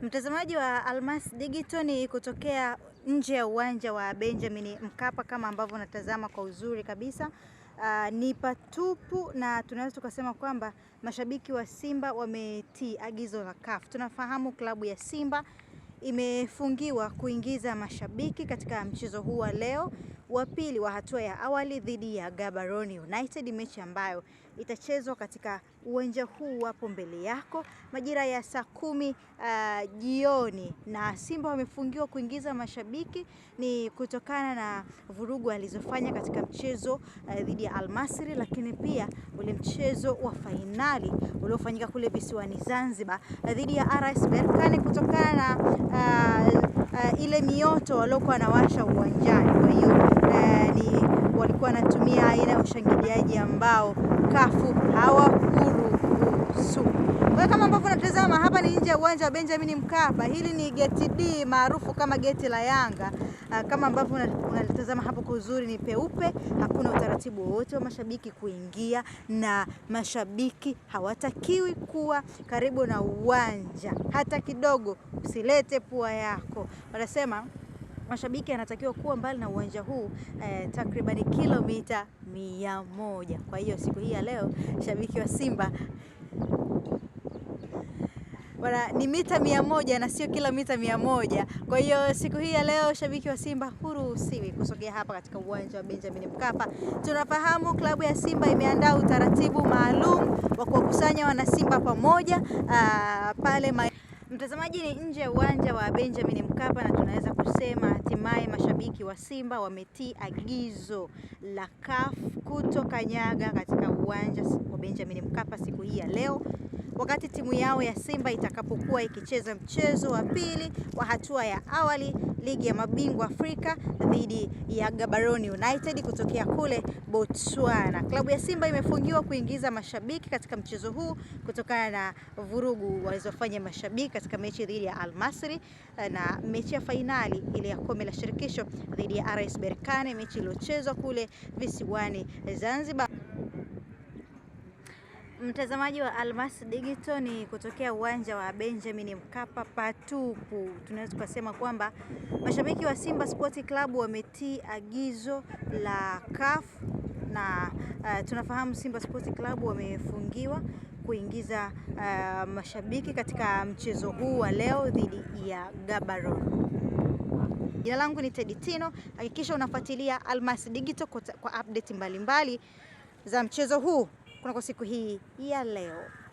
Mm. Mtazamaji wa Almas Digital ni kutokea nje ya uwanja wa Benjamin Mkapa kama ambavyo unatazama kwa uzuri kabisa. Uh, ni patupu na tunaweza tukasema kwamba mashabiki wa Simba wametii agizo la CAF. Tunafahamu klabu ya Simba imefungiwa kuingiza mashabiki katika mchezo huu wa leo wa pili wa hatua ya awali dhidi ya Gaborone United, mechi ambayo itachezwa katika uwanja huu hapo mbele yako majira ya saa kumi uh, jioni. Na Simba wamefungiwa kuingiza mashabiki ni kutokana na vurugu alizofanya katika mchezo uh, dhidi ya Almasri, lakini pia ule mchezo wa fainali uliofanyika kule visiwani Zanzibar uh, dhidi ya RS Berkane kutokana na uh, uh, ile mioto waliokuwa wanawasha uwanjani. Kwa hiyo uh, ni walikuwa wanatumia aina ya ushangiliaji ambao CUF hawakuruhusu. Kwa kama ambavyo unatazama hapa ni nje ya uwanja wa Benjamin Mkapa. Hili ni geti D maarufu kama geti la Yanga. Ah, kama ambavyo unalitazama hapo kwa uzuri, ni peupe, hakuna utaratibu wowote wa mashabiki kuingia, na mashabiki hawatakiwi kuwa karibu na uwanja hata kidogo. Usilete pua yako, wanasema mashabiki anatakiwa kuwa mbali na uwanja huu eh, takribani kilomita mia moja. Kwa hiyo siku hii ya leo shabiki wa Simba Bwana, ni mita mia moja na sio kilomita mia moja. Kwa hiyo siku hii ya leo shabiki wa Simba huruhusiwi kusogea hapa katika uwanja wa Benjamin Mkapa. Tunafahamu klabu ya Simba imeandaa utaratibu maalum wa kuwakusanya wanasimba pamoja aa, ah, pale ma Mtazamaji, ni nje ya uwanja wa Benjamin Mkapa na tunaweza kusema hatimaye mashabiki wa Simba wametii agizo la CAF kutokanyaga katika uwanja wa Benjamin Mkapa siku hii ya leo wakati timu yao ya Simba itakapokuwa ikicheza mchezo wa pili wa hatua ya awali ligi ya mabingwa Afrika dhidi ya Gaborone United kutokea kule Botswana. Klabu ya Simba imefungiwa kuingiza mashabiki katika mchezo huu kutokana na vurugu walizofanya mashabiki katika mechi dhidi ya almasri eh, na mechi ya fainali ile ya kombe la shirikisho dhidi ya RS Berkane, mechi iliyochezwa kule visiwani Zanzibar. Mtazamaji wa Almas Digital ni kutokea uwanja wa Benjamin Mkapa patupu. Tunaweza tukasema kwamba mashabiki wa Simba Sport Club wametii agizo la CAF na uh, tunafahamu Simba Sport Club wamefungiwa kuingiza uh, mashabiki katika mchezo huu wa leo dhidi ya Gaborone. Jina langu ni Teddy Tino. Hakikisha unafuatilia Almas Digital kwa update mbalimbali mbali za mchezo huu. eu não consigo rir. E a Léo?